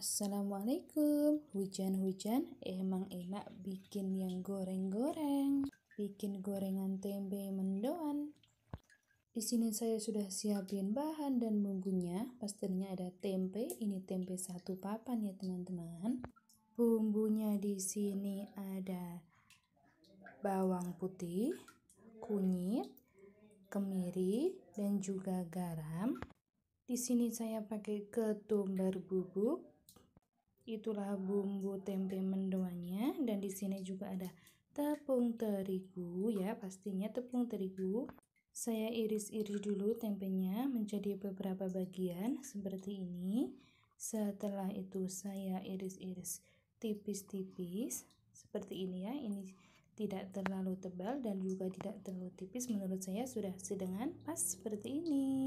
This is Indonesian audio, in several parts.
Assalamualaikum, hujan-hujan emang enak bikin yang goreng-goreng, bikin gorengan tempe mendoan. Di sini saya sudah siapin bahan dan bumbunya. Pastinya ada tempe, ini tempe satu papan ya teman-teman. Bumbunya di sini ada bawang putih, kunyit, kemiri, dan juga garam. Di sini saya pakai ketumbar bubuk, Itulah bumbu tempe mendoannya dan di sini juga ada tepung terigu ya, pastinya tepung terigu. Saya iris-iris dulu tempenya menjadi beberapa bagian seperti ini. Setelah itu saya iris-iris tipis-tipis seperti ini ya. Ini tidak terlalu tebal dan juga tidak terlalu tipis menurut saya sudah sedang pas seperti ini.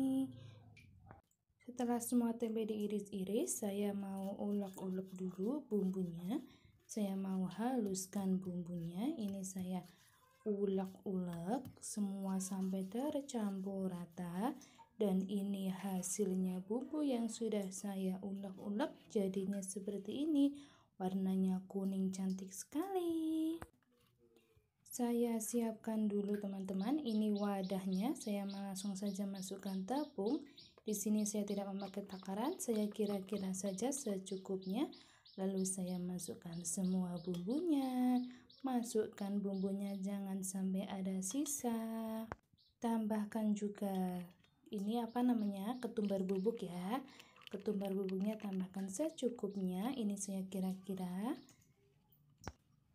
Setelah semua tempe diiris-iris, saya mau ulek-ulek dulu bumbunya. Saya mau haluskan bumbunya. Ini saya ulek-ulek semua sampai tercampur rata dan ini hasilnya bumbu yang sudah saya ulek-ulek jadinya seperti ini warnanya kuning cantik sekali saya siapkan dulu teman-teman ini wadahnya saya langsung saja masukkan tepung di sini saya tidak memakai takaran, saya kira-kira saja secukupnya. Lalu saya masukkan semua bumbunya. Masukkan bumbunya jangan sampai ada sisa. Tambahkan juga ini apa namanya? ketumbar bubuk ya. Ketumbar bubuknya tambahkan secukupnya. Ini saya kira-kira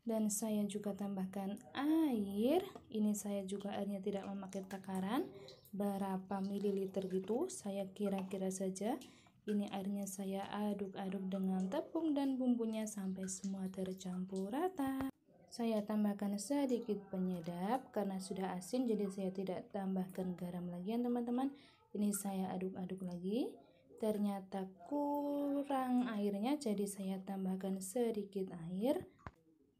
dan saya juga tambahkan air ini saya juga airnya tidak memakai takaran berapa mililiter gitu saya kira-kira saja ini airnya saya aduk-aduk dengan tepung dan bumbunya sampai semua tercampur rata saya tambahkan sedikit penyedap karena sudah asin jadi saya tidak tambahkan garam lagi ya teman-teman ini saya aduk-aduk lagi ternyata kurang airnya jadi saya tambahkan sedikit air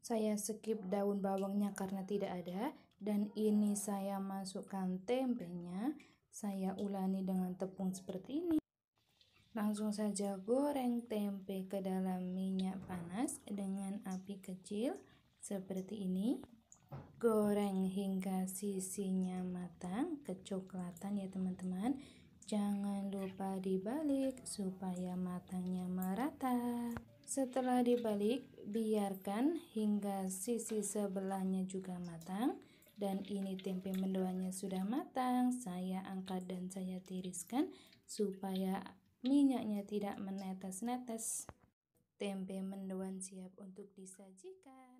saya skip daun bawangnya karena tidak ada dan ini saya masukkan tempenya saya ulangi dengan tepung seperti ini langsung saja goreng tempe ke dalam minyak panas dengan api kecil seperti ini goreng hingga sisinya matang kecoklatan ya teman-teman jangan lupa dibalik supaya matangnya merata setelah dibalik biarkan hingga sisi sebelahnya juga matang dan ini tempe mendoannya sudah matang, saya angkat dan saya tiriskan supaya minyaknya tidak menetes-netes. Tempe mendoan siap untuk disajikan.